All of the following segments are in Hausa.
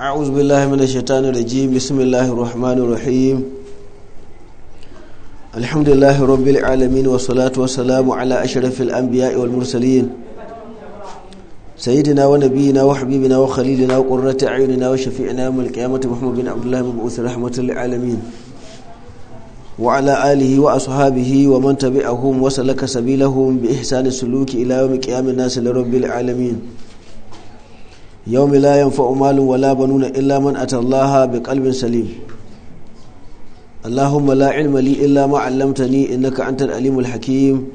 أعوذ بالله من الشيطان الرجيم بسم الله الرحمن الرحيم الحمد لله رب العالمين والصلاة والسلام على أشرف الأنبياء والمرسلين سيدنا ونبينا وحبيبنا وخليلنا وقرة أعيننا وشفيعنا يوم القيامة محمد بن عبد الله مبعوث رحمة للعالمين وعلى آله وأصحابه ومن تبعهم وسلك سبيلهم بإحسان السلوك إلى يوم القيامة الناس لرب العالمين yawmi la yanfa'u malun wala banuna illa man bai kalbin salim Allahumma la ilma illa ma 'allamtani innaka antal alimul hakim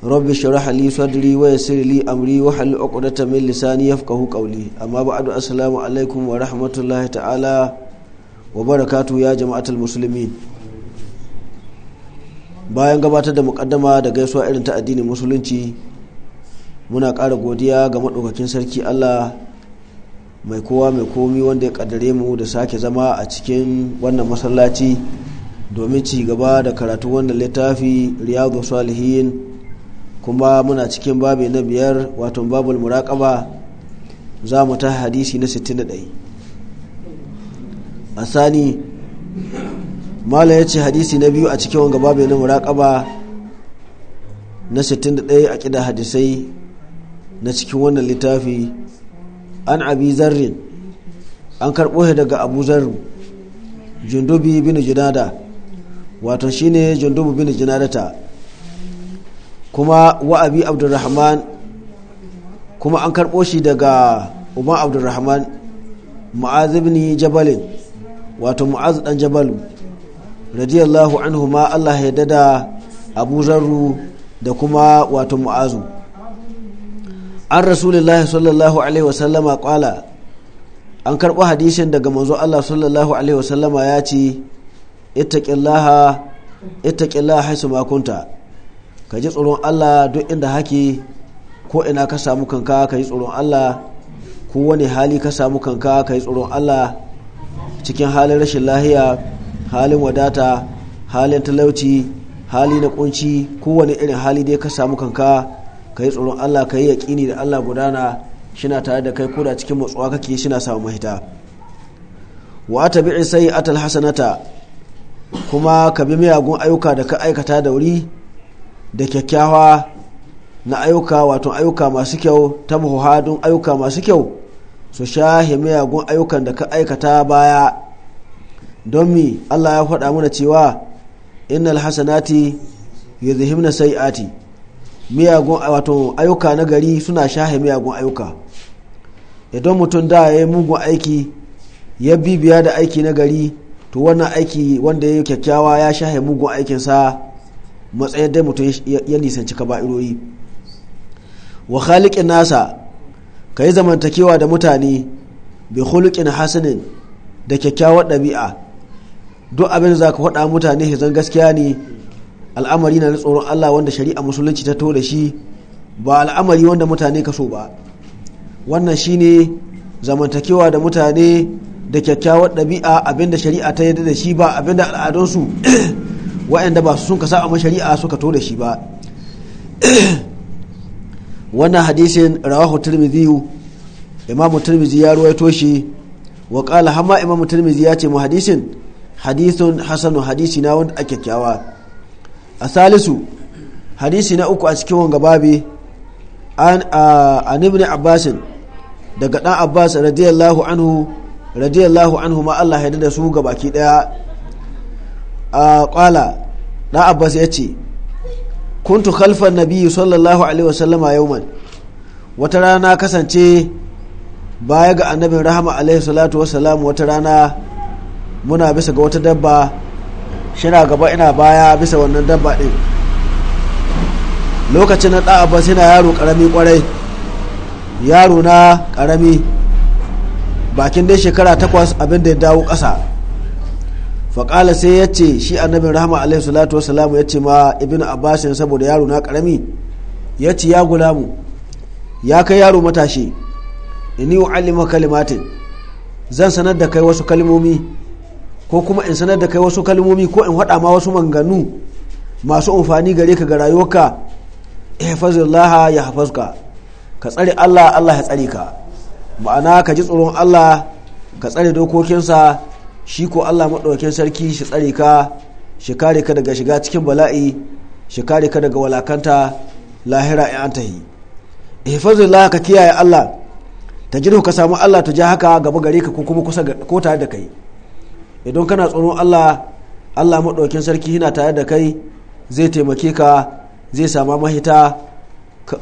Rabbi shrah li sadri wa yassir li amri wa hallu 'uqdatam min lisani yafqahu qawli amma ba'du assalamu alaikum wa rahmatullahi ta'ala wa barakatu ya jama'atar musulmi bayan gabatar da muqaddama da gaisuwa irin ta addinin musulunci muna ƙara godiya ga maɗaukacin sarki allah mai kowa mai komi wanda ya ƙaddare mu da sake zama a cikin wannan masallaci domin ci gaba da karatu wannan littafi riyadu salihin kuma muna cikin babi na biyar wato babul muraƙaba za mu ta hadisi na 61 a sani mala ya ce hadisi na biyu a cikin wanga babi na muraƙaba na 61 a ƙida hadisai na cikin wannan littafi an abi zarrin an karɓo shi daga abu zarrin jundubi bin jinada wato shine jundubu bin jinadata kuma wa abi abdurrahman kuma an karɓo shi daga umar abdurrahman ma'azibni jabalin wato mu'az dan jabalu radiyallahu anhu ma Allah ya dada abu zarru da kuma wato mu'azu an rasulullahi sallallahu alaihi wasallama kwala an karɓi hadishin daga manzo Allah sallallahu alaihi wasallama ya ce ittaqillaha ittaqillaha haisu makunta ka ji tsoron Allah duk inda haki ko ina ka samu kanka ka ji tsoron Allah ko wani hali ka samu kanka ka yi tsoron Allah cikin halin rashin lahiya halin wadata halin talauci hali na kunci kowane irin hali dai ka samu kanka ka yi tsoron Allah ka yi yaƙini da Allah gudana shina tare da kai koda cikin matsuwa kake shina samu mahita wa ta bi sai atal hasanata kuma ka bi miyagun ayyuka da ka aikata da wuri da kyakkyawa na ayyuka wato ayyuka masu kyau ta muhadun ayyuka masu kyau su shahe miyagun ayyukan da ka aikata baya don mi Allah ya faɗa mana cewa innal hasanati sai ati. miyagun wato ayyuka na gari suna shahe miyagun ayyuka idan mutum da ya yi mugun aiki ya bibiya da aiki na gari to wannan aiki wanda ya yi kyakkyawa ya shahe mugun aikinsa matsayin dai mutum ya nisanci kaba'iroyi wa nasa ka yi zamantakewa da mutane bi hulukin hasanin da kyakkyawar ɗabi'a duk abin da za ka faɗa mutane hizan gaskiya ne al'amari na tsoron Allah wanda shari'a musulunci ta to da shi ba al'amari wanda mutane kaso ba wannan shine zamantakewa da mutane da kyakkyawar ɗabi'a abinda shari'a ta yadda da shi ba abinda al'adunsu wa'anda ba su sun ka amma shari'a suka to da shi ba wannan hadisin rawahu tirmidhi imam tirmidhi ya ruwaito shi wa qala hamma imam tirmidhi ya ce mu hadisin hadithun hasanu hadisi na wanda a kyakkyawa a salisu hadisi na uku a cikin wanga babi an ibn abbasin daga dan abbas radiyallahu anhu radiyallahu anhu ma Allah ya da su ga baki daya a kwala dan abbas ya ce kuntu khalfan nabiyyu sallallahu alaihi wasallama yauman wata rana kasance baya ga annabin rahama alaihi salatu wasalam wata rana muna bisa ga wata dabba shina gaba ina baya bisa wannan dabba ɗin lokacin na ɗa'a abbas yana yaro ƙarami ƙwarai yaro na ƙarami bakin dai shekara takwas abin da ya dawo ƙasa faƙala sai ya ce shi annabin rahama alaihi salatu wasalamu ya ce ma ibn Abashin saboda yaro na ƙarami ya ce ya gulamu ya kai yaro matashi inni u'allima kalimatin zan sanar da kai wasu kalimomi. ko kuma in sanar da kai wasu kalmomi ko in haɗa ma wasu manganu masu amfani gare ka ga rayuwarka ihfazillah ya hafazka ka ka tsare Allah Allah ya tsare ka ma'ana ka ji tsoron Allah ka tsare dokokinsa shi ko Allah maɗaukin sarki shi tsare ka shi kare ka daga shiga cikin bala'i shi kare ka daga walakanta lahira in an tahi ihfazillah ka kiyaye Allah ta jiru ka samu Allah ta ja haka gaba gare ka ko kuma kusa ko tare da kai idan kana tsoron Allah Allah maɗaukin sarki yana tare da kai zai taimake ka zai sama mahita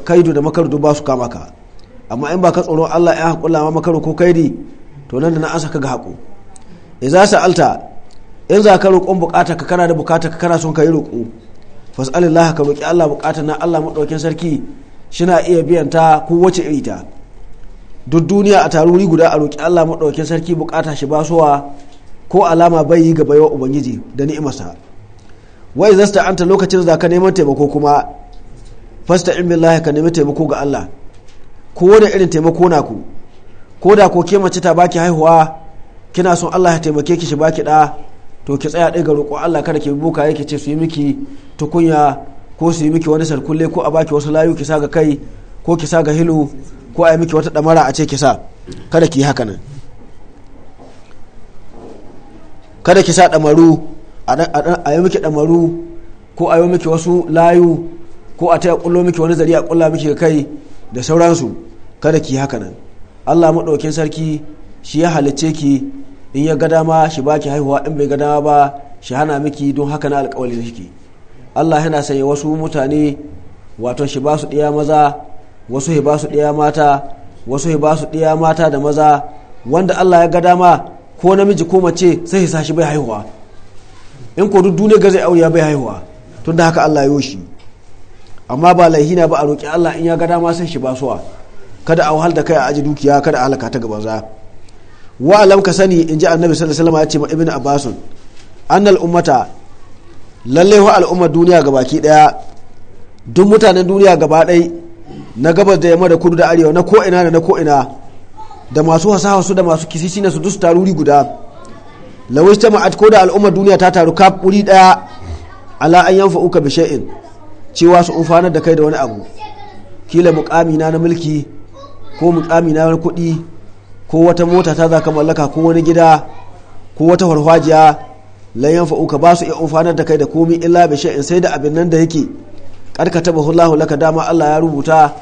kaidu da makardu ba su kama ka amma in ba ka tsoron Allah ya haƙula ma makaru ko kaidi to nan da na an saka ga haƙo idza sa'alta in za ka roƙon bukata ka kana da bukata ka kana son ka yi roƙo fas'alillah ka roƙi Allah bukata na Allah maɗaukin sarki shina iya biyan ta ko wace iri ta duk duniya a taruri guda a roƙi Allah maɗaukin sarki bukata shi basuwa ko alama bai yi ga baiwa ubangiji da ni'imarsa wai zasta anta lokacin da ka neman taimako kuma fasta in billahi ka nemi taimako ga Allah ko wani irin taimako na ku ko da ko ke mace ta baki haihuwa kina son Allah ya taimake ki shi baki da to ki tsaya dai ga roƙo Allah kada ki boka yake ce su yi miki tukunya ko su yi miki wani sarkulle ko a baki wasu layu ki sa ga kai ko ki sa ga hilu ko a yi miki wata ɗamara a ce ki sa kada ki yi haka nan kada ki sa damaru a yi miki damaru ko a yi miki wasu layu ko a taya kullo miki wani zari a kulla miki kai da sauransu kada ki haka nan Allah maɗaukin sarki shi ya halicce ki in ya ga dama shi ki haihuwa in bai ga ba shi hana miki don haka na alƙawalin shi Allah yana sanya wasu mutane wato shi ba su ɗiya maza wasu shi ba su ɗiya mata wasu shi ba su ɗiya mata da maza wanda Allah ya ga dama ko namiji ko mace sai ya sashi bai haihuwa in ko duk duniya zai aure bai haihuwa tun da haka Allah ya yoshi amma ba laihina ba a roƙi Allah in ya ga dama sai shi basuwa kada a wahal da kai a aji dukiya kada a halaka ta gaban za wa alam ka sani in ji annabi sallallahu alaihi wasallam ya ce ma ibnu abbasun annal ummata lalle wa al'ummar duniya gabaki daya duk mutanen duniya gaba daya na gabas da yamma da kudu da arewa na ko ina da na ko ina da masu fasaha su da masu kisisi na su duk taruri guda lawai ta ma'at ko da al'ummar duniya ta taru ka wuri daya ala an yanfa uka bi shay'in cewa su umfanar da kai da wani abu kila mukami na na mulki ko mukami na wani kuɗi ko wata mota ta zaka mallaka ko wani gida ko wata farfajiya la yanfa uka ba su iya umfanar da kai da komi illa bi shay'in sai da abin nan da yake karkata bahullahu laka dama Allah ya rubuta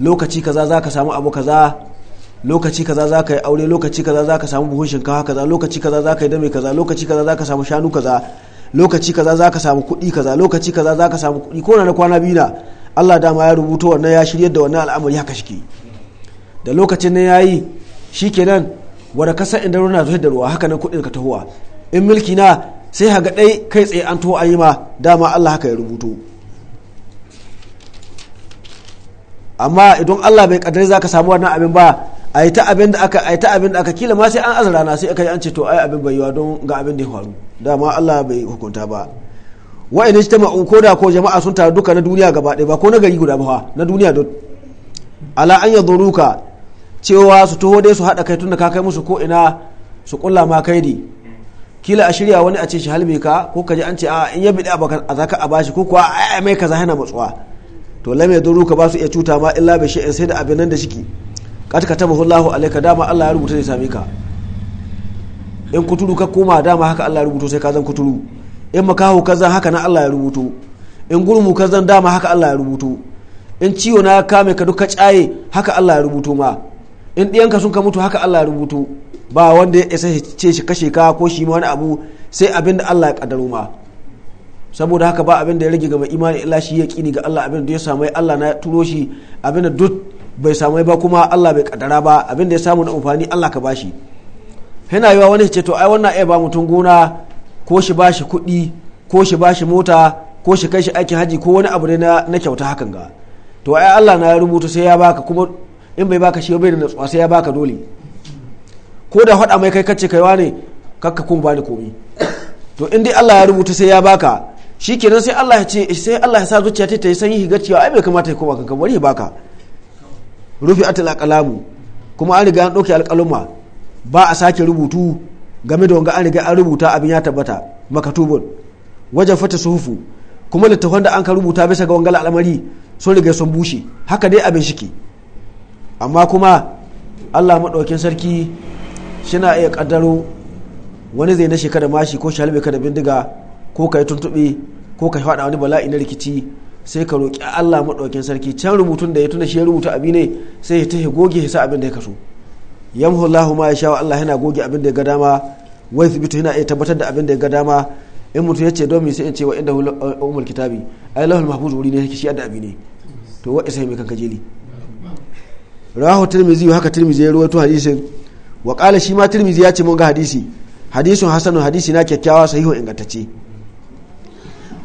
lokaci kaza zaka samu abu kaza lokaci kaza za ka yi aure lokaci kaza za ka samu buhun shinkafa kaza lokaci kaza za ka yi dame kaza lokaci kaza za ka samu shanu kaza lokaci kaza za ka samu kuɗi kaza lokaci kaza za ka samu kuɗi ko na kwana biyu na Allah dama ya rubuto wannan ya shirya da wannan al'amari haka shike da lokacin nan yayi shikenan wanda kasa inda ruwa zuwa da ruwa haka nan kuɗin ka tahowa in mulki na sai haga ɗai kai tsaye an taho a yi ma dama Allah haka ya rubuto amma idan Allah bai kadari zaka samu wannan abin ba a yi ta abin da aka a yi ta abin da aka kila ma sai an azara na sai aka yi an ce to ai abin bai yiwa don ga abin da ya faru dama Allah bai hukunta ba wa idan ta un ko da ko jama'a sun taru duka na duniya gaba ɗaya ba ko na gari guda ba na duniya duk ala an yadhuruka cewa su taho dai su hada kai tunda ka kai musu ko ina su kulla ma kai di kila a shirya wani a ce shi halme ka ko ka ji an ce a in ya bidi a zaka a bashi ko kuwa ai mai kaza yana matsuwa to lam ka ba su iya cuta ma illa bi shay'in sai da abin nan da shiki kat katabahu Allahu alayka dama Allah ya rubuta zai sami ka in kuturu ka koma dama haka Allah ya rubuto sai ka zan kuturu in makaho ka zan haka na Allah ya rubuto in gurmu ka zan dama haka Allah ya rubuto in ciwo na kame ka duka caye haka Allah ya rubuto ma in ɗiyanka sun ka mutu haka Allah ya rubuto ba wanda ya isa ce shi kashe ka ko shi ma wani abu sai abin da Allah ya kaddaro ma saboda haka ba abin da ya rage ga mai imani illa shi ya kini ga Allah abin da ya samu Allah na turo shi abin da duk bai samu ba kuma Allah bai kadara ba abin da ya samu na amfani Allah ka bashi yana yiwa wani ce to ai wannan ai ba mutum gona ko shi bashi kuɗi ko shi bashi mota ko shi kai shi aikin haji ko wani abu ne na kyauta hakan ga to ai Allah na ya rubuta sai ya baka kuma in bai baka shi bai da natsuwa sai ya baka dole ko da faɗa mai kai kace kaiwa ne kakka kun bani komi to in dai Allah ya rubuta sai ya baka shi kenan sai Allah ya ce sai Allah ya sa zuciya ta yi sanyi higar cewa ai bai kamata ya koma kanka bari baka rufi atal aqlamu kuma an riga an dauke alƙaluma ba a sake rubutu game da wanga an riga an rubuta abin ya tabbata makatubun wajen fata suhufu kuma littafan da an ka rubuta bisa ga wangal al'amari sun riga sun bushe haka dai abin shiki amma kuma Allah maɗaukin sarki shina iya kaddaro wani zai na shekara mashi ko shalbe kada bindiga ko ka yi tuntuɓe ko ka faɗa wani bala'i na rikici sai ka roƙi Allah maɗaukin sarki can rubutun da ya tuna shi ya rubuta abi ne sai ya tahi goge ya sa abin da ya kaso yamhu Allahu ma sha Allah yana goge abin da ya ga dama wa bitu yana iya tabbatar da abin da ya ga dama in mutum ya ce domin sai in ce wa inda eh, umar kitabi ai lahul mahfuz wuri ne yake shi da abi ne to wa isa mai kanka jeli rahu tirmizi haka tirmizi ya rawaito hadisin wa qala shi ma tirmizi ya ce mun ga hadisi hadisun hasanun hadisi na kyakkyawa sahihu ingantacce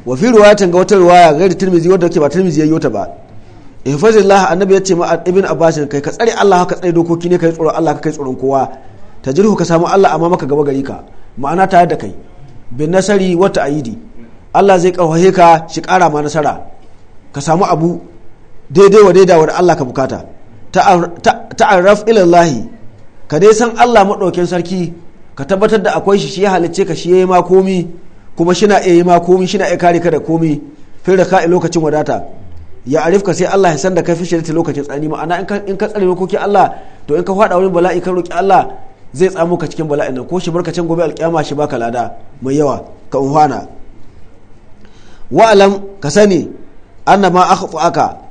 wa fi ruwayatin ga wata ruwaya gairi tirmizi wadda ke ba tirmizi yayi wata ba ihfazillah annabi ya ce ma ibn abbas kai ka tsare Allah ka tsare dokoki ne kai tsoron Allah ka kai tsoron kowa ta jirhu ka samu Allah amma maka gaba gari ka ma'ana tare da kai bin nasari wata ayidi Allah zai karwahe ka shi kara ma nasara ka samu abu daidai wa daidai da Allah ka bukata ta'arraf arraf ilallahi ka dai san Allah madaukin sarki ka tabbatar da akwai shi shi ya halicce ka shi ya yi ma komi kuma shina iya yi ma komi shina iya kare ka da komi fil ka lokacin wadata ya arifka sai Allah ya san da ka fi shirti lokacin tsani ma'ana in ka tsare dokokin Allah to in ka fada wurin bala'i ka roki Allah zai tsamo ka cikin bala'in nan ko shi barkacin gobe alƙiyama shi baka lada mai yawa ka uhana wa'alam ka sani anna ma aka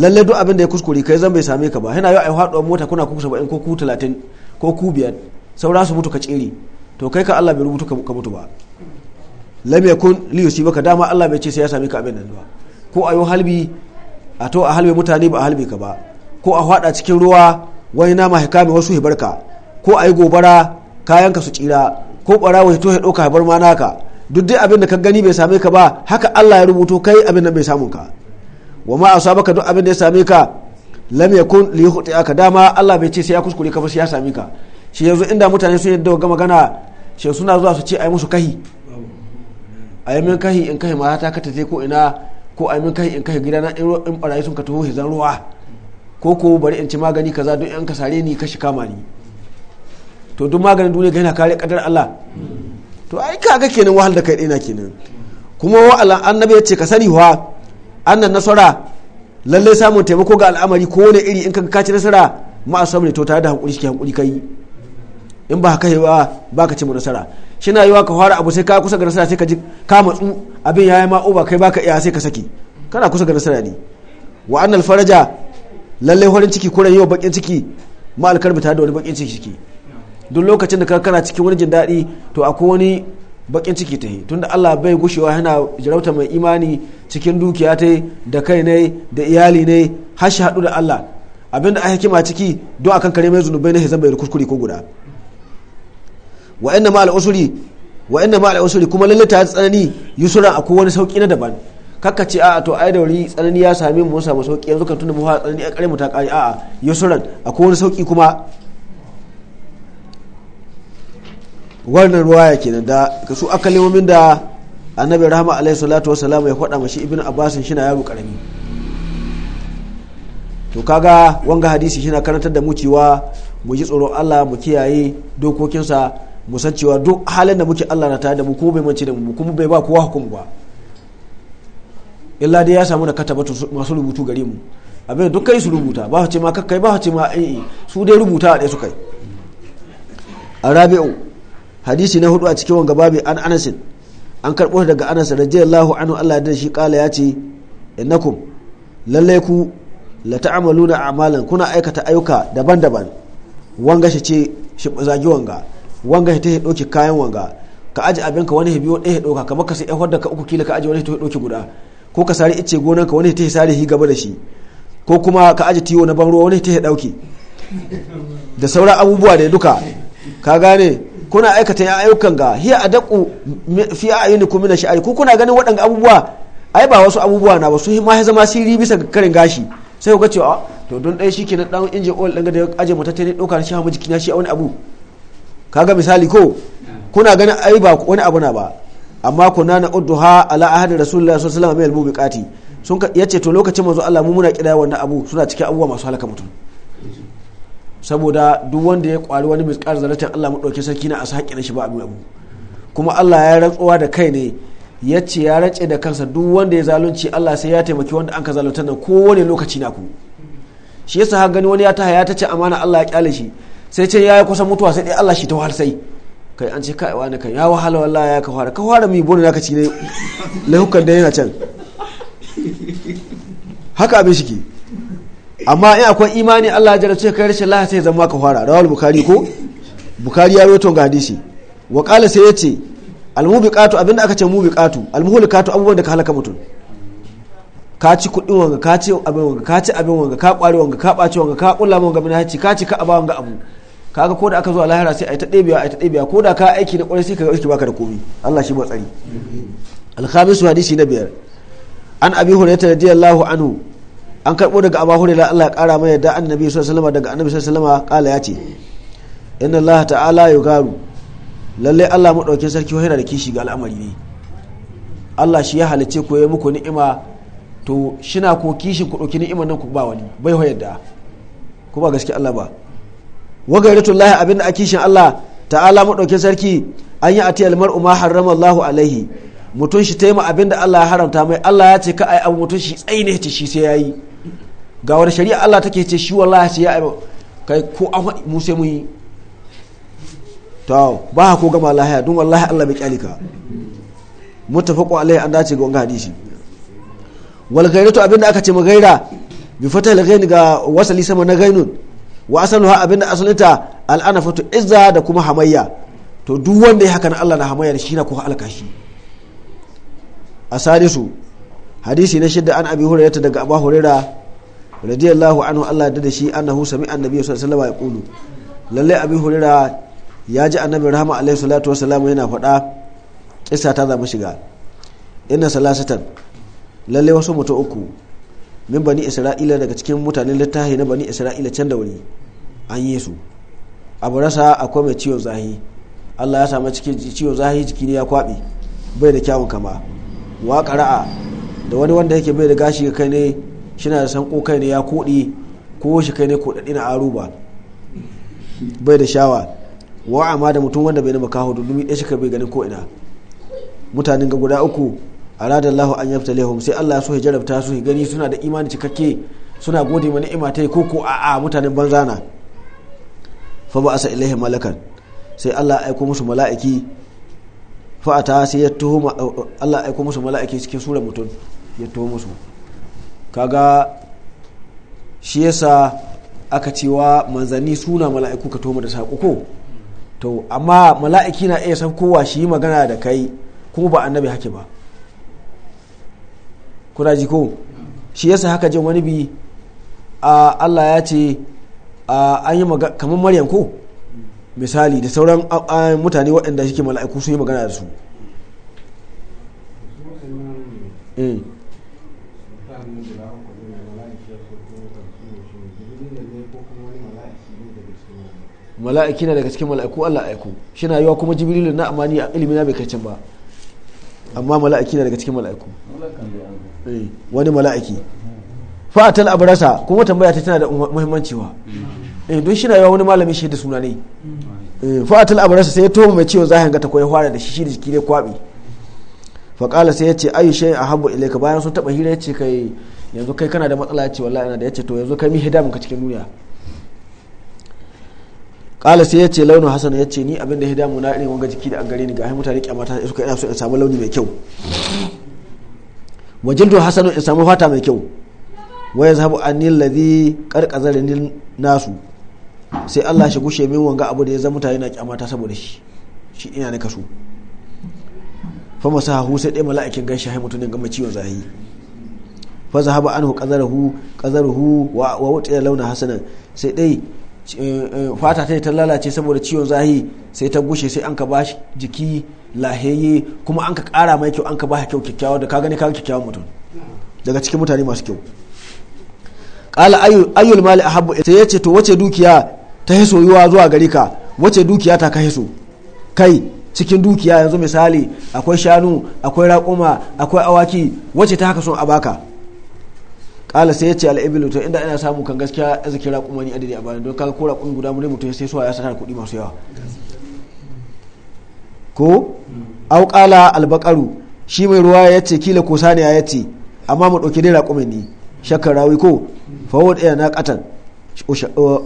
lalle duk abin da ya kuskure kai zan bai same ka ba yana yau ai haɗuwar mota kuna kuku 70 ko ku 30 ko ku biyar sauran su mutu ka tsere to kai ka Allah bai rubutu ka mutu ba lam yakun li yusibaka dama Allah bai ce sai ya sami ka abin nan ba ko ayo halbi a to a halbe mutane ba a halbe ka ba ko a hada cikin ruwa wani nama ya mai wasu ya barka ko ayi gobara kayan ka su tsira ko barawo to ya ya bar ma naka duk dai abin da ka gani bai same ka ba haka Allah ya rubuto kai abin nan bai samu ka wa ma asabaka duk abin da ya same ka lam yakun li yukhti'aka dama Allah bai ce sai ya kuskure ka ba sai ya sami ka shi yanzu inda mutane sun yadda ga magana shi suna zuwa su ce ai musu kahi a yamin kahi in kahi mata ka ta ko ina ko a yamin kahi in kahi gidana in barayi sun ka taho hizan ruwa ko ko bari in ci magani kaza don in ka sare ni ka shi kama ni to duk maganin duniya yana kare kadar Allah to ai kaga kenan wahal da kai dina kenan kuma wa annabi ya ce ka sani wa annan nasara lallai samun taimako ga al'amari ko wani iri in ka ci nasara ma'a sabri to tare da hankuri shi hankuri kai in ba haka ba ba ka ci mu nasara shi na wa ka fara abu sai ka kusa ga nasara sai ka ji ka matsu abin yi ma uba kai baka iya sai ka saki kana kusa ga nasara ne wa annal faraja lalle farin ciki kuren yau bakin ciki ma alkarbi ta da wani bakin ciki ciki duk lokacin da ka kana cikin wani jin daɗi to akwai wani bakin ciki ta yi tunda Allah bai gushewa yana jarauta mai imani cikin dukiya ta da kai ne da iyali ne har shi haɗu da Allah abinda a hikima ciki don akan kare mai zunubai na hezan bai kuskure ko guda wa ma al'usuri wa inna ma al'usuri kuma lalle ta tsanani yusura akwai wani sauki na daban kakka ce a'a to ai da wuri tsanani ya same mu samu sauki yanzu kan tunda mu fara tsanani a kare mu ta kare a'a yusuran akwai wani sauki kuma wannan ruwaya kenan da ka su akalimomin da annabi rahama alaihi salatu wasalam ya faɗa mashi ibnu abbas shi na yaro karami to kaga wanga hadisi shi na karantar da mu cewa mu ji tsoron Allah mu kiyaye dokokinsa musan cewa duk halin da muke Allah na tare da mu ko bai mance da mu kuma bai ba kowa hukum ba illa dai ya samu da kata masu rubutu gare mu abin duk kai su rubuta ba ce ma kakkai ba ce ma ai eh, su dai rubuta da su kai arabi'u hadisi na hudu a cikin wanga babi an anasin an karbo daga anasin radiyallahu anhu Allah da shi kala ya ce innakum lallai ku la ta'amaluna a'malan kuna aikata ayyuka daban-daban wanga shi ce shi zagi wanga wanga ta ya kayan wanga ka aji abin ka wani biyo ɗaya ya ɗauka kamar ka sai yan wadda ka uku kila ka aji wani ta ya guda ko ka sare ice gonan ka wani ta ya sare hi gaba da shi ko kuma ka aji tiyo na ban ruwa wani ta ya ɗauki da sauran abubuwa da duka ka gane kuna aikata ya ayyukan ga hiya adaku fi ayyunikum min sha'ari ku kuna ganin waɗanda abubuwa ai ba wasu abubuwa na ba su ma ya zama siri bisa ga karin gashi sai ku ga cewa ah, to don ɗaya shi na ɗan injin oil ɗan ga da aje mata ta ne ɗauka shi hamu kina shi a wani abu kaga misali ko kuna ganin ai ba wani abu na ba amma kuna na udduha ala ahadi rasulullahi sallallahu alaihi wasallam mai sun yace to lokacin manzo Allah mu muna kidaya wannan abu suna cikin abubuwa masu halaka mutum saboda duk wanda ya kwari wani miskar zaratin Allah mu dauke sarki na asa na shi ba abu kuma Allah ya rantsuwa da kai ne yace ya race da kansa duk wanda ya zalunci Allah sai ya taimaki wanda an ka zalunta nan kowane lokaci na ku shi yasa gani wani ya haya ya tace amana Allah ya kyale shi sai ce ya yi kusa mutuwa sai dai Allah shi ta wahal sai kai an ce kai wani kan ya wahala wallahi ya ka fara ka fara mi bone naka ci ne lahukan da yana can haka abin shi ke amma in akwai imani Allah ya ce kai rashin lafiya sai zama ka fara rawal bukari ko bukari ya roto ga hadisi wa qala sai yace almubiqatu abinda aka ce mubiqatu almuhlikatu abubuwan da ka halaka mutum ka ci kuɗin wanga ka ci abin wanga ka ci abin wanga ka ƙwari wanga ka ɓaci wanga ka ƙulla wanga mina haci ka ci ka aba wanga abu kaga ko da aka zo a lahira sai a yi ta ɗebewa a yi ta ɗebewa ko da ka aiki na ƙwarai sai ka ga baka da komi Allah shi ba tsari alhamisu hadisi na biyar an abi hurairah radiyallahu anhu an karɓo daga abu da Allah ya kara mai yadda annabi sallallahu alaihi daga annabi sallallahu alaihi kala ya ce inna Allah ta'ala yugaru lalle Allah madaukin sarki yana da kishi ga al'amari ne Allah shi ya halice ko ya muku ni'ima to shina ko kishin ku dauki ni'imar nan ku ba wani bai hoyar da ku ba gaske Allah ba wa gairatullahi abinda a kishin Allah ta'ala madaukin sarki an yi atiyal mar'u ma harrama Allah alaihi mutun shi taima abinda Allah ya haramta mai Allah ya ce ka ai abu mutun shi tsaine ta shi sai yayi ga wani shari'a Allah take ce shi wallahi sai ya kai ko an mu sai mu yi to ba ko gama lahiya don wallahi Allah bai kyalika muttafaqu alaihi an dace ga wannan hadisi wal ghairatu abinda aka ce magaira bi fatal ghain ga wasali sama na gainun wa ha abinda asalita al'ana fatu izza da kuma hamayya to duk wanda ya haka na Allah na hamayya shi na kuka alka shi a salisu hadisi na shidda an abi hurairata daga abu huraira radiyallahu anhu Allah da da shi annahu sami annabi sallallahu alaihi wasallam ya lalle abi huraira ya ji annabi rahama alaihi salatu wasallam yana faɗa kissa ta zama shiga inna salasatan lalle wasu mutu uku min bani isra'ila daga cikin mutanen littafi na bani isra'ila can da wuri an yi su abu rasa akwai mai ciwon zahi allah ya sami cikin ciwon zahi jiki ne ya kwaɓe bai da kyawun kama wa ƙara'a da wani wanda yake bai da gashi kai ne shina da sanko kai ne ya kuɗi ko shi kai ne kuɗaɗɗi na aruba bai da shawa wa amma da mutum wanda bai na makaho domin ɗaya shi ka bai ganin ko ina mutanen ga guda uku Allahu an yabtalihum sai Allah ya so ya jarabta su gani suna da imani cikakke suna gode mana ni'ima ta ko ko a'a mutanen banzana fa ba asa ilaihi malakan sai Allah ya aiko musu mala'iki fa ata sai ya tuhuma Allah ya aiko musu mala'iki cikin sura mutum ya tuhu musu kaga shi yasa aka cewa manzanni suna mala'iku ka tuhuma da sako ko to amma mala'iki na iya san kowa shi magana da kai ko ba annabi hake ba kuna ji ko shi yasa haka jin wani bi a Allah ya ce an yi kamar maryam ko misali da sauran mutane waɗanda shi ke mala'iku sun yi magana da su eh. mala'iki na daga cikin mala'iku Allah aiku shi na yiwa kuma jibrilu na amani a ilimi na bai kai ba amma mala'iki na daga cikin mala'iku eh, wani mala'iki fa'atal abrasa kuma tambaya ta tana da muhimmanci wa eh, don shi na yawa wani malami shi da suna ne eh, fa'atal abrasa sai ya toma mai ciwon zahin gata kwaye fara da shi shi da jiki ne kwabi faƙala sai ya ce ayu shayin a habbu ilaika bayan sun taɓa hira ya ce kai yanzu kai kana da matsala ya ce wallahi ina da ya ce to yanzu kai mi hidamin ka cikin duniya kala sai ya ce launin hasan ya ce ni abin da ya damu na irin wanga jiki da an gare ni ga mutane kyamata suka ina so in samu launi mai kyau wajen to Hassan in samu fata mai kyau wa ya zahabu an nillazi karkazarin nasu sai Allah shi gushe min wanga abu da ya zama mutane na kyamata saboda shi shi ina ne fama fa masahu sai dai mala'ikin gaishe hai mutunin gama ciwon zahi fa zahaba anhu qazarahu qazarahu wa wa wuta launa hasanan sai dai fata ta ta lalace saboda ciwon zahi sai ta gushe sai an ka ba jiki laheye kuma an ka kara mai kyau an ka ba kyau kyakkyawa da ka gani ka kyakkyawan mutum daga cikin mutane masu kyau qala ayyul mali ahabbu sai yace to wace dukiya ta hiso yuwa zuwa gari ka wace dukiya ta ka hiso kai cikin dukiya yanzu misali akwai shanu akwai raƙuma akwai awaki wace ta haka son a baka kala sai ya ce al'ibilu to inda ina samu kan gaskiya ya zaki raƙun wani adadi a bayan don kaga ko raƙun guda mu ne mutum sai suwa ya sanar kuɗi masu yawa ko au kala albakaru shi mai ruwa ya ce kila ko saniya ya ce amma mu ɗauki dai raƙumin ne shakar rawi ko fawon ɗaya na ƙatan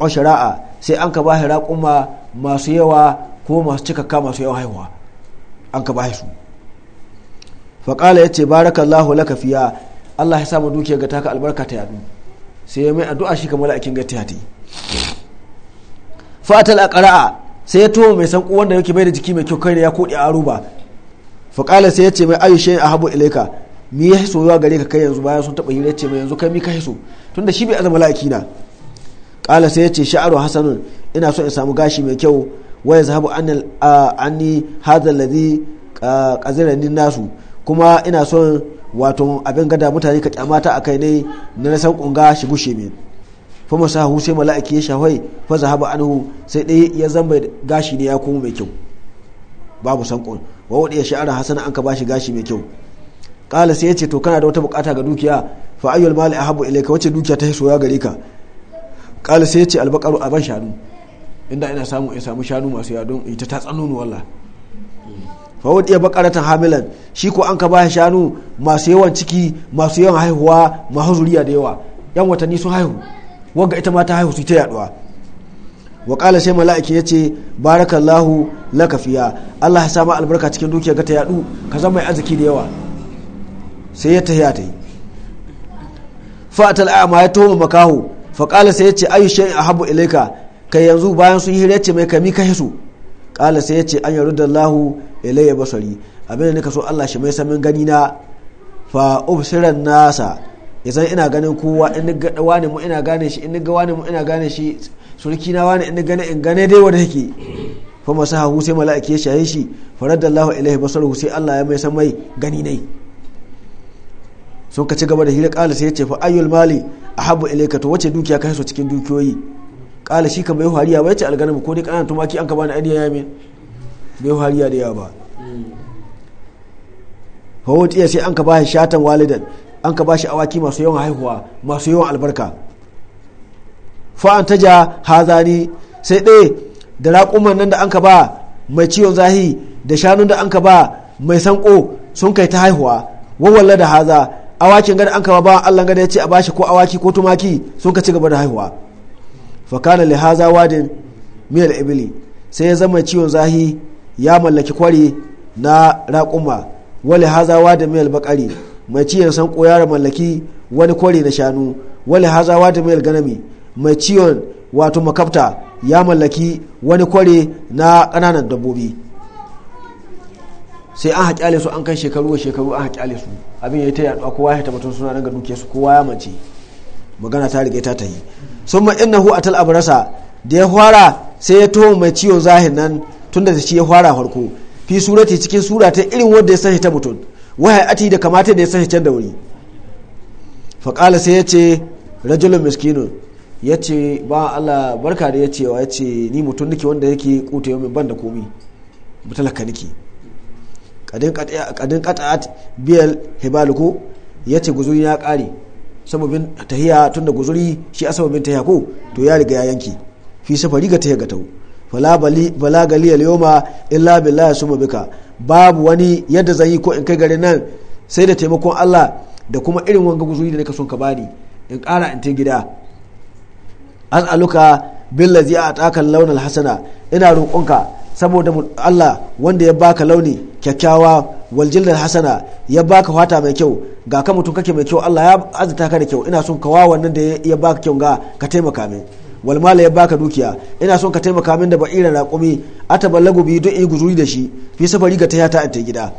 shara'a sai an ka ba shi raƙuma masu yawa ko masu cikakka masu yawa haihuwa an ka ba su faƙala ya ce barakallahu laka fiya Allah ya samu dukiyar ga taka albarka ta yadu sai ya mai addu'a shi kamar akin gatti hati fatal ƙara'a sai ya tuwo mai sanku wanda yake bai da jiki mai kyau kai da ya kodi a aruba fa sai ya ce mai ayu a Habu ilaika mi ya hiso soyuwa gare ka kai yanzu bayan sun taba hira ce mai yanzu kai mi ka hiso tunda shi bai azama la'aki na kala sai ya ce sha'aru hasanun ina so in samu gashi mai kyau waya zahabu anni hadha alladhi qazirani nasu kuma ina son wato abin gada mutane ka kyamata a kai ne na nasar kunga shi gushe fama fa hu sai mala'iki ya shahwai fa zahaba anhu sai dai ya zamba gashi ne ya komo mai kyau babu kun wa wadi ya sha'ara hasana an ka bashi gashi mai kyau kala sai ya ce to kana da wata bukata ga dukiya fa ayyul mali ahabu ilayka wace dukiya ta ya gare ka kala sai ya ce albaqaru aban shanu inda ina samu in samu shanu masu yadon ita ta tsanunu wallah ya iya bakaratan hamilan shi ko an ka ba shanu masu yawan ciki masu yawan haihuwa masu zuriya da yawa yan watanni sun haihu wagga ita ma ta haihu su ta yaduwa wa sai mala'iki ya ce barakallahu laka fiya Allah ya sama albarka cikin dukiyar ga ta yadu ka zama mai arziki da yawa sai ya tahiya ta yi fatal a'ma ya tuhuma makahu fa sai ya ce ayu shay'in ahabbu ilayka kai yanzu bayan sun hira ce mai kami ka hisu kala sai ya ce an yarudallahu ilayya basari abin da nika so Allah shi mai samun gani na fa ubsiran nasa idan ina ganin kowa in ga wani mu ina gane shi in ga wani mu ina gane shi surki na wani in gane in gane dai wanda yake fa hu sai mala'iki ya shaye shi faraddallahu ilayhi basaruhu sai Allah ya mai san mai gani nai sun ka ci gaba da hira kala sai ya ce fa ayyul mali ahabbu ilayka to wace dukiya ka so cikin dukiyoyi kala shi kamar bai hariya bai ce ko dai kana tumaki an ka bani adiya yamin bai hariya da yawa ba hawa tiya sai an ka ba shi shatan walidan an ka ba shi awaki masu yawan haihuwa masu yawan albarka fa'an ta ja hazani sai ɗaya da raƙuman nan da an ka ba mai ciwon zahi da shanun da an ka ba mai sanko sun kai ta haihuwa wawalla da haza awakin gada an ka ba allah gada ya ce a ba shi ko awaki ko tumaki sun ka ci gaba da haihuwa fakana li haza wadin miyar ibili sai ya zama ciwon zahi ya mallaki kwari na raƙuma wali hazawa da miyar bakari mai ciyon sanko ya mallaki wani kwari na shanu wali hazawa da miyar ganami mai ciyon wato makafta ya mallaki wani kwari na ƙananan dabbobi sai an haƙi su an kai shekaru wa shekaru an haƙi su abin ya yi ta yaɗuwa kowa ya tabbatar suna ranga duke su kowa ya mace magana ta riga ta ta yi sun na hu atal abarasa da ya fara sai ya tuhu mai ciwon zahin nan tunda da shi ya fara farko fi surati cikin sura ta irin wanda ya sahi ta mutum waya ati da kamata da ya sahi can da wuri faƙala sai yace ce rajulun miskinu ya ce ba allah barka da ya ce wa ya ni mutum nake wanda yake kuta yau ban da komi mutalaka nake kadin kata'at biyal hibaluku ya ce guzuri ya ƙare sababin tahiya tun da guzuri shi asababin tahiya ko to ya riga ya yanki fi safari ga tahiya ga tau fala gali yoma illa ya suma bika babu wani yadda zan yi ko in kai gari nan sai da taimakon Allah da kuma irin wanga guzuri da nake son ka bani in kara in tin gida as'aluka billazi ataka launin hasana ina roƙonka saboda Allah wanda ya baka launi kyakkyawa wal jildal hasana ya baka fata mai kyau ga ka mutum kake mai kyau Allah ya azita ka da kyau ina son kawa wannan da ya baka kyau ga ka taimaka min wal mala ya baka dukiya ina son ka taimaka min da ba'ira raƙumi ataballagu bi don in guzuri da shi fi safari ga ta ta ta gida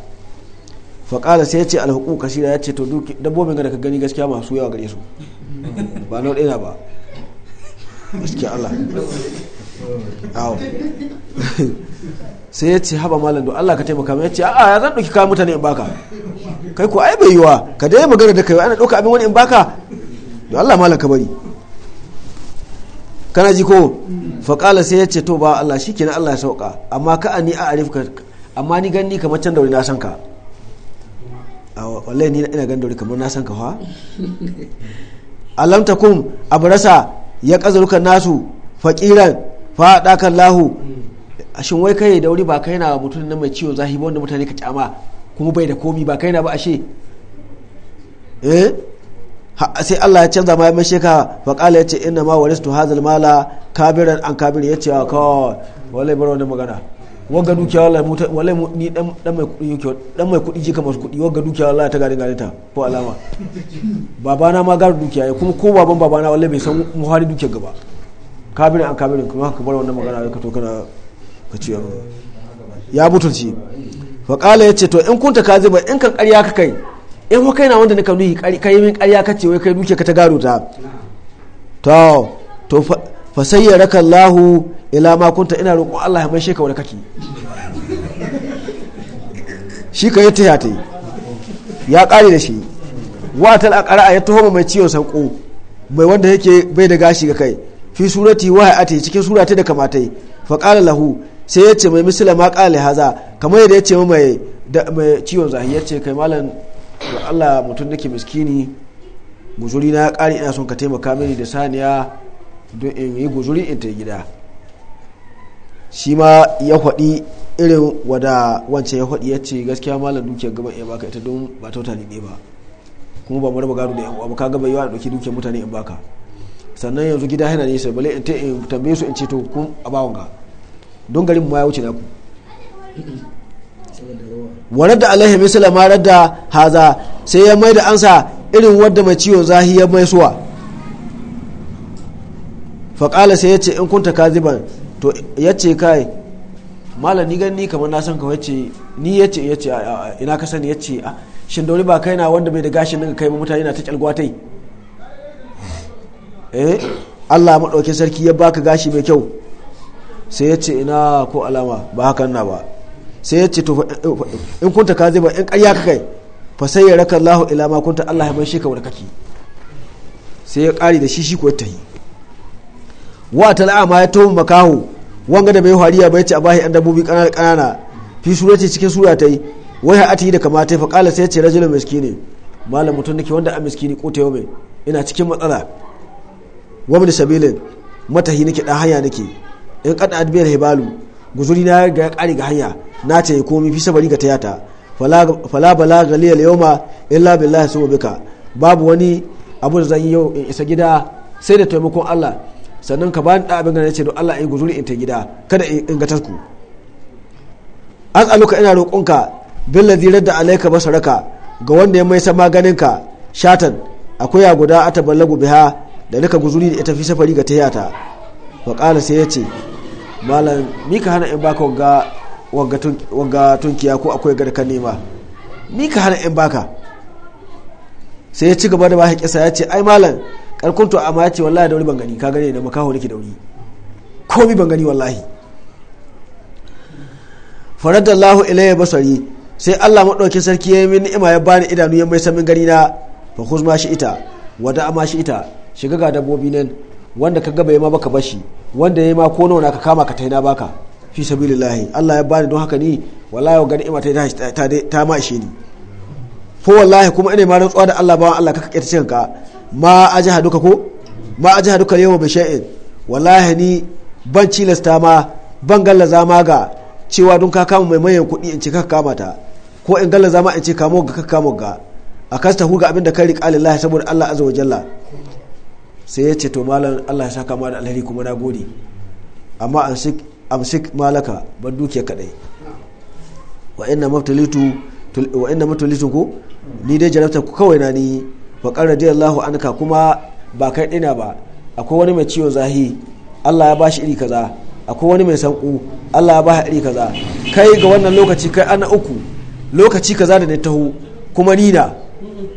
faƙala sai ya ce alhuku kasira ya ce to dabbobin da ka gani gaskiya masu yawa gare su ba na ɗaya ba gaskiya Allah awo sai ya ce haba malam don Allah ka taimaka mai ya ce a'a ya zan ɗauki kayan mutane in baka kai ko ai bai yiwa ka dai magana da kai ana ɗauka abin wani in baka don Allah malam ka bari kana ji ko faƙala sai ya ce to ba Allah shi Allah ya sauka amma ka ani a arif ka amma ni gani kamar can dauri na san ka wallahi ni ina gan dauri kamar na san ka fa alam takum abrasa ya kazaruka nasu faqiran fa dakan lahu ashin wai kai dauri ba kai na mutun na mai ciwo zahibi wanda mutane ka kyama kuma bai da komi ba kai na ba ashe eh sai Allah ya canza ma ya mashe ka faƙala ya ce inna ma waristu hazal mala kabiran an ya ce wa ah, ka wale bar wani magana wagga dukiya wallahi wale ni dan mai kudi yake dan mai kudi jika masu kudi wagga dukiya wala ta gari gari ta ko alama babana ma gar dukiya kuma ko baban babana wale bai san muhari dukiya gaba kabirin an kabirin kuma ka bar wani magana ka to kana ka ce ya mutunci faƙala ya ce to in kunta ba in kan ƙarya ka kai in kai na wanda nika nuhi kayi min karya kace wai kai duke ka ta gado ta to to fa sayyaraka Allahu ila ma kunta ina roƙon Allah ya mai ka wani kake shi ka yi ta yi ya ƙari da shi a aqra'a ya tuhuma mai ciwon sanko mai wanda yake bai da gashi ga kai fi surati wa hayati cikin surati da kamatai fa ƙala lahu sai ya ce mai misila ma ƙala haza kamar yadda ya ce mai ciwon zahiyar ce kai malam to Allah mutum ke miskini guzuri na ƙari ina son ka taimaka mini da saniya don in yi guzuri in ta gida shi ma ya haɗi irin wada wancan ya haɗi ya ce gaskiya malam dukiyar gaban iya baka ita don ba tauta ne ba kuma ba mara gado da yan uwa ka gaba yawa da ɗauki dukiyar mutane in baka sannan yanzu gida yana nesa bale in ta in tambaye su in ce to kun a bawon ga don garin ma ya wuce naku warar da alaihi misala marar da haza sai ya mai da ansa irin wadda mai ciwon zahi ya mai suwa faƙala sai ya ce in kunta kaziban to ya ce kai malam ni gani kamar na san kawai ce ni ya ce ya ce ina ka sani ya ce a shin dauri ba kai na wanda bai da gashin daga kai mutane na ta yi eh Allah maɗauki sarki ya baka gashi mai kyau sai ya ce ina ko alama ba hakan na ba sai ya ce to eh, eh, in kunta ka zai ba in karya ka kai fa sai ya raka Allahu ila ma kunta Allah ya bar shi kamar kake sai ya kari da shi shi ko ta yi wa tal'a ma ya tawo makaho wanga da bai hariya bai ce a bahi an dabbobi kanana kanana fi sura ce cikin sura ta yi wai ha ati da kamata fa kala sai ya ce rajulun miskini malam mutum nake wanda a miskini ko ta yau mai ina cikin matsala wa min sabilin matahi nake dan hanya nake in kada adbiyar hibalu guzuri na ga kare ga hanya na ce komi fi sabari ga tayata fala bala galiyal yawma illa billahi suma babu wani abu da zan yi yau in isa gida sai da taimakon Allah sannan ka bani da abin da nace don Allah in guzuri in ta gida kada in ga tasku as'aluka ina roƙonka billazi radda alayka basaraka ga wanda ya mai sama ganinka shatan akwai ya guda balagu biha da nika guzuri da ita fi safari ga tayata wa qala sai yace malam mika hana in baka ga wagga tunkiya ko akwai garkar nema ni ka hana in baka sai ya ci gaba da bashi kisa ya ce ai malam karkun to amma ya ce wallahi da wani ban gani ka gane da makaho nake da wuri ko ban gani wallahi allahu ilayya basari sai Allah maɗauki sarki ya yi min ni'ima ya bani idanu ya mai samin gani na fa khuzma shi ita wada amma shi ita shiga ga dabbobi nan wanda ka gaba ya ma baka bashi wanda ya ma ko nawa ka kama ka taina baka fi sabilillahi Allah ya bani don haka ni wallahi wa ima ta ta ta ma ishe ni ko wallahi kuma ina ma rantsuwa da Allah ba Allah kaka kyata cikin ka ma ajaha duka ko ma ajaha duka yau bi sha'in wallahi ni ban cilasta ma ban gallaza ma ga cewa don ka kama mai mayan kuɗi in ce kaka kama ta ko in gallaza ma in ce kamo ga kaka kamo ga a kasta huga ga abin da kai riƙa lillahi saboda Allah azza wa jalla sai ya ce to malam Allah ya saka ma da alheri kuma na gode amma an shi amsik malaka ba dukiya kadai wa inna mabtalitu wa inna mabtalitu ku ni dai jarabta ku kawai na ni wa qad radiyallahu anka kuma ba kai dina ba akwai wani mai ciwo zahi Allah ya bashi iri kaza akwai wani mai sanku Allah ya bashi iri kaza kai ga wannan lokaci kai ana uku lokaci kaza da ne taho kuma ni na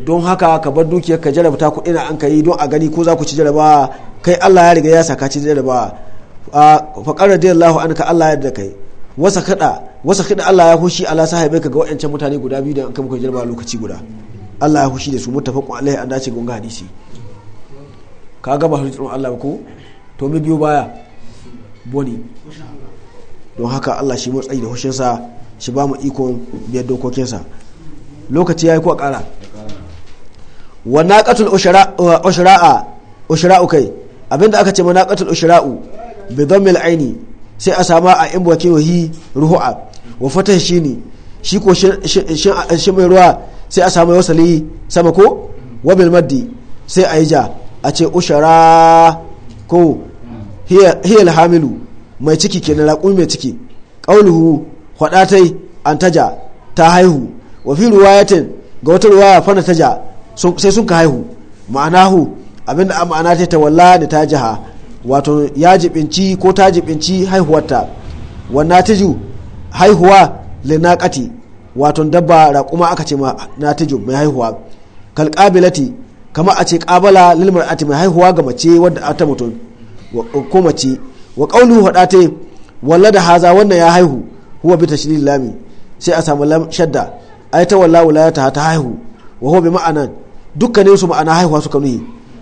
don haka ka bar dukiyar ka jarabta ku ina an kai don a gani ko za ku ci jaraba kai Allah ya riga ya saka ci jaraba faƙar an ka Allah yadda kai wasa kada wasa kada Allah ya hushi ala sahibai ka ga wayancan mutane guda biyu da an kama jarba lokaci guda Allah ya hushi da su muttafaqun alaihi an dace gonga hadisi ka ga ba tsoron Allah ko to mu biyo baya boni don haka Allah shi matsayi da hushinsa shi ba mu ikon biyar dokokinsa lokaci ya yi ko a ƙara wa naqatul ushra'u kai abinda aka ce ma naqatul ushra'u bi dhammil aini sai a samu a in bakin wahi ruhu'a wa shi ne shi ko shi mai ruwa sai a samu wasali sama ko wa maddi sai a yi ja a ce ushara ko hiyal hamilu mai ciki ke raƙumi mai ciki ƙauluhu faɗatai an taja ta haihu ruwa ya ruwayatin ga wata ruwaya fana taja sai sun ka haihu ma'anahu abinda a ma'ana ta tawalla da ta jiha. wato ya jibinci ko ta jibinci haihuwarta wannan tiju haihuwa linaqati wato dabba raƙuma aka ce ma natiju mai haihuwa kalƙabilati kama a ce qabala lil ati mai haihuwa ga mace wadda ta mutum ko mace wa qawluhu ta walla da haza wannan ya haihu huwa bi tashdid lami sai a samu lam shadda ai ta walla wala ta haihu wa huwa bi ma'anan dukkanin su ma'ana haihuwa suka nuhi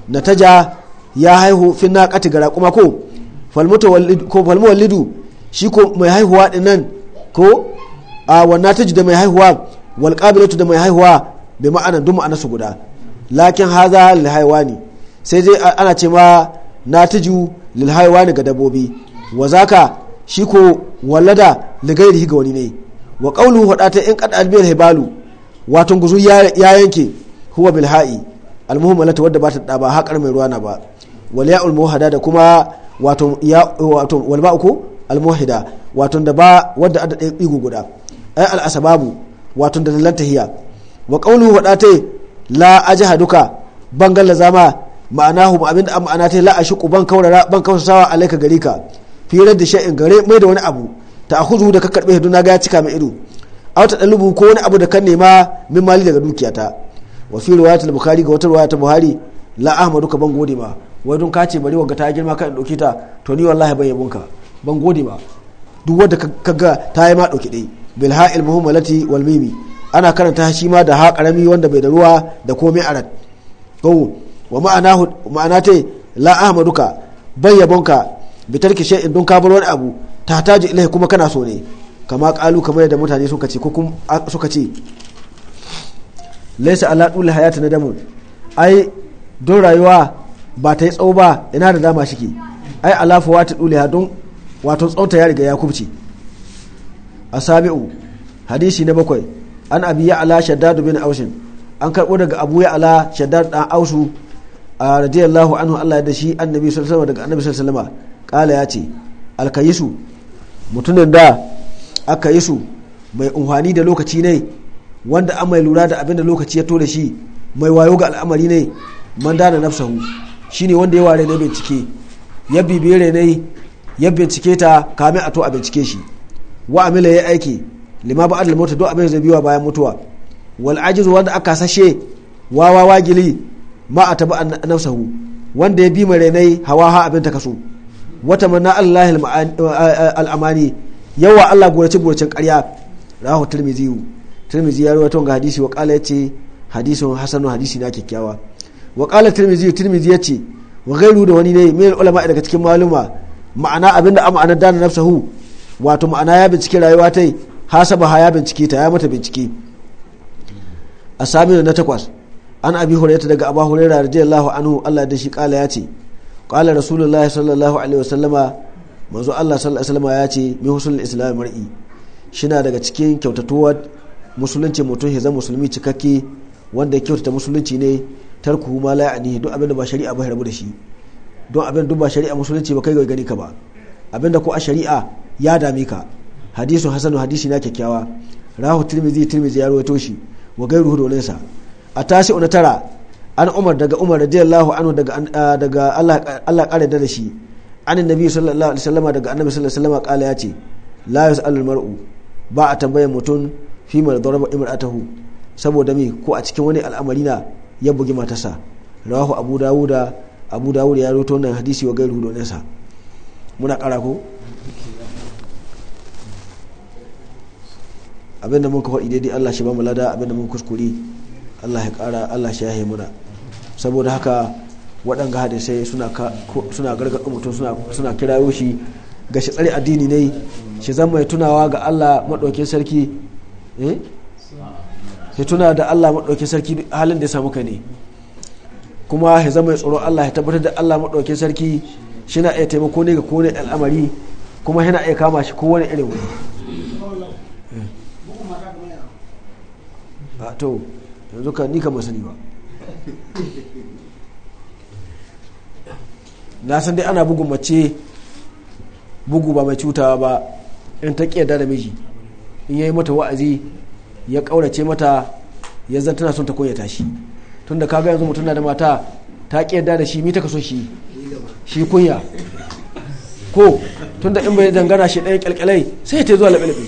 nataja ya haihu fi na kati gara kuma ko falmuwallidu shi ko mai haihuwa dinnan ko a wannan taji da mai haihuwa walƙabilatu da mai haihuwa bai ma'ana duk ma'ana su guda lakin haza lilhaiwa ne sai dai ana ce ma na ji lilhaiwa ne ga dabbobi wa za ka shi ko wallada li ga wani ne wa qawluhu ta in kaɗa albiyar hebalu wato guzu ya yanke huwa bilha'i ha'i almuhimmalata wadda ba ta ɗaba haƙar mai ruwa na ba wal ya'ul da kuma wato ya wato wal wato da ba wadda adda ɗaya ɗigo guda ay al asbabu wato da dalan hiya wa qawluhu wada la ajhaduka bangal zama ma'anahu abinda ma'ana ta la ashiqu ban kaurara ban kausawa alaika gari ka firar da shay'in gare mai da wani abu ta akhudhu da ka karbe hidu na ga ya cika mai ido aw ta dalubu ko wani abu da kan nema min mali daga dukiyata wa fi riwayat al-bukhari ga wata riwayat ta buhari la ahmadu ka ban gode ma wai don ka ce bari wanga ta girma ka dauke ta to ni wallahi ban yabon ka ban gode ba duk wanda ka ga ta yi ma dauke dai bil ha'il muhammalati wal mimi ana karanta shi ma da ha karami wanda bai da ruwa da komai arat to wa ma'ana ma'ana te la ahmaduka ban ka bi tarki in don ka bar wani abu ta taji ilahi kuma kana so ne kama kalu kamar yadda mutane suka ce ko kuma suka ce laysa ala dul hayati nadamun ai don rayuwa ba ta yi tsawo ba ina da dama shi ke. ai alafu wata duliha don wato tsauta ya riga ya kubce a sabi'u hadisi na bakwai an abi ya ala shaddadu bin aushin an karɓo daga abu ya ala shaddadu ɗan aushu a radiyallahu anhu Allah da shi annabi sallallahu daga annabi sallallahu kala ya ce alkayisu mutumin da aka yi su mai unhani da lokaci ne wanda an mai lura da abin da lokaci ya to shi mai wayo ga al'amari ne man da na nafsahu shine wanda ya ware na bincike ya bibiye renai ya bincike ta kame a to a bincike shi wa amila ya aiki lima ba adal mota duk abin zabiwa bayan mutuwa wal ajizu wanda aka sashe wawa wagili ma a taba nafsahu wanda ya bi ma renai hawa ha abin ta kaso wata manna Allah al'amani yawa Allah gurace guracen karya rahu tirmidhi tirmidhi ya rawaito ga hadisi wa qala yace hadisun hasanu hadisi na kyakkyawa wa qala tirmidhi tirmidhi yace wa ghairu da wani ne mai ulama daga cikin maluma ma'ana abinda a ma'anar dana nafsahu wato ma'ana ya bincike rayuwa ta hasaba ya bincike ta ya mata bincike a na takwas an abi hurairata daga abu hurairah radiyallahu anhu Allah da shi kala yace kala rasulullahi sallallahu alaihi wasallama manzo Allah sallallahu alaihi wasallama yace min husnul islam mar'i shina daga cikin kyautatuwar musulunci mutum ya musulmi cikakke wanda kyautata musulunci ne tarku ma la ya'ni duk abin da ba shari'a ba rabu da shi don abin duk ba shari'a musulunci ba kai ga gani ka ba abin da ko a shari'a ya dame ka hadisu hasanu hadisi na kyakkyawa rahu tirmizi tirmizi ya rawaito shi wa gairuhu da sa a tashi una tara an umar daga umar radiyallahu anhu daga daga Allah Allah kare da shi an annabi sallallahu alaihi wasallama daga annabi sallallahu alaihi wasallama kala yace ce la yasalul mar'u ba a tambayar mutum fi mar daraba imratahu saboda me ko a cikin wani al'amari na ya bugi matarsa rawahu abu dawuda abu dawuda ya roto wannan hadisi wa gairu doninsa muna kara ko abinda muka faɗi daidai Allah shi ba mu lada abinda mun kuskure Allah ya kara Allah shi yahe muna saboda haka waɗanga hadisai suna suna mutum suna kirayo shi ga shi tsari addini ne shi zan mai tunawa ga Allah maɗaukin sarki eh ya tuna da Allah maɗauki sarki halin da ya samu ka ne kuma ya zama ya tsoron Allah ya tabbatar da Allah maɗauki sarki shi na iya taimako ne ga kone al'amari kuma yana iya kama shi ko wani irin wani ba to yanzu ka ni kamar sani ba na san dai ana bugun mace bugu ba mai cutawa ba in ta ƙiyar da miji in yayi mata wa'azi ya ƙaurace mata ya zan tana son ta koya tashi tun da kaga yanzu mutum na da mata ta ƙi yadda da shi mi ta kaso shi shi kunya ko tun da in bai dangana shi ɗaya kyalkyalai sai ta zuwa laɓe-laɓe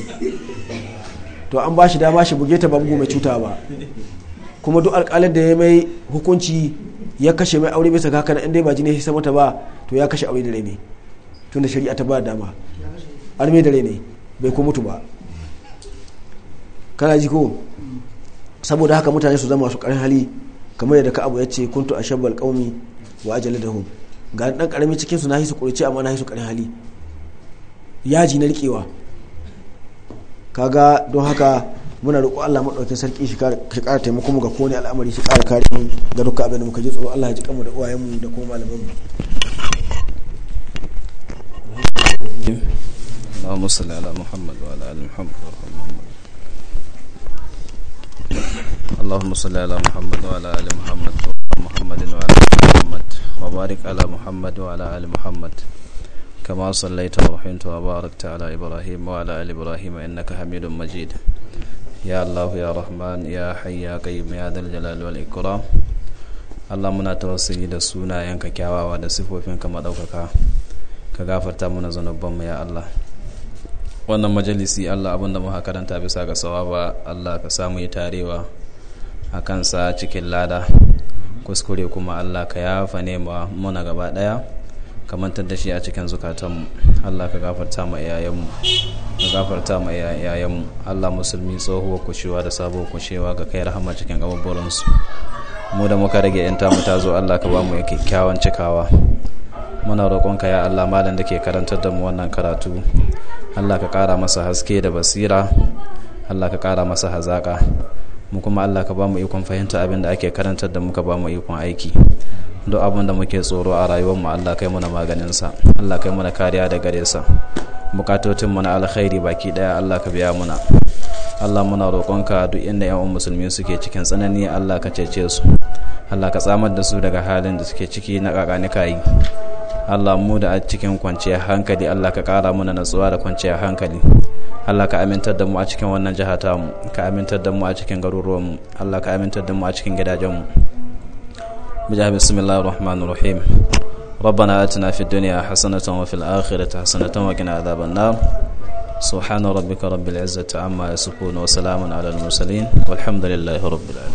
to an ba shi dama shi buge ta bangu mai cuta ba kuma duk alƙalin da ya mai hukunci ya kashe mai aure bisa haka na dai ba jini sai mata ba to ya kashe aure da rai ne tun da shari'a ta ba dama an mai da rai ne bai ko mutu ba kana ji ko saboda haka mutane su zama su karin hali kamar yadda ka abu ya ce kuntu a shabbal kaumi wa ajali da hu ga dan karami cikin su na hisu kurce amma na hisu karin hali yaji na rikewa kaga don haka muna roƙo Allah dauke sarki shi kara taimako mu ga kone al'amari shi kara kare mu ga dukkan abin da muka ji tsoro Allah ya ji kanmu da uwayen mu da kuma malaman mu اللهم صل على محمد وعلى ال محمد اللهم صل على محمد وعلى ال محمد محمد وعلى ال محمد وبارك على محمد وعلى ال محمد كما صليت ورحمت وباركت على ابراهيم وعلى ال ابراهيم انك حميد مجيد يا الله يا رحمن يا حي يا قيوم يا ذا الجلال والاكرام Allah muna tawassuli da sunayenka kyawawa da sifofinka maɗaukaka ka gafarta mana mu ya Allah wannan majalisi allah abinda muka karanta bisa ga sawaba allah ka samu yi tarewa a kansa cikin lada kuskure kuma allah ka yafa nema muna gaba daya kamar da shi a cikin zukatanmu allah ka gafarta ma iyayenmu ka gafarta ma iyayenmu allah musulmi tsohuwar kushewa da sabuwar kushewa ga kai rahama cikin gababuransu mu da muka rage yan tamu ta zo Allah ka ba mu kyakkyawan cikawa muna roƙonka ya Allah malam da ke karantar da mu wannan karatu Allah ka ƙara masa haske da basira Allah ka ƙara masa hazaƙa mu kuma Allah ka ba mu ikon fahimta abin da ake karantar da muka ba mu ikon aiki duk abin da muke tsoro a rayuwar mu Allah kai muna sa. Allah kai muna kariya da gare sa bukatotin mu na alkhairi baki ɗaya Allah ka biya muna Allah muna roƙonka duk inda yan musulmi suke cikin tsanani Allah ka cece su Allah ka tsamar da su daga halin da suke ciki na kakani yi Allah mu da a cikin kwanciyar hankali Allah ka kara muna natsuwa da kwanciyar hankali Allah ka amintar da mu a cikin wannan jiha mu ka amintar da mu a cikin garuruwan mu Allah ka amintar da mu a cikin gidajen mu bijah bismillahir rahmanir rahim ربنا آتنا في الدنيا حسنة وفي na. حسنة وقنا عذاب النار سبحان ربك رب amma عما يصفون وسلام على المرسلين والحمد لله رب العالمين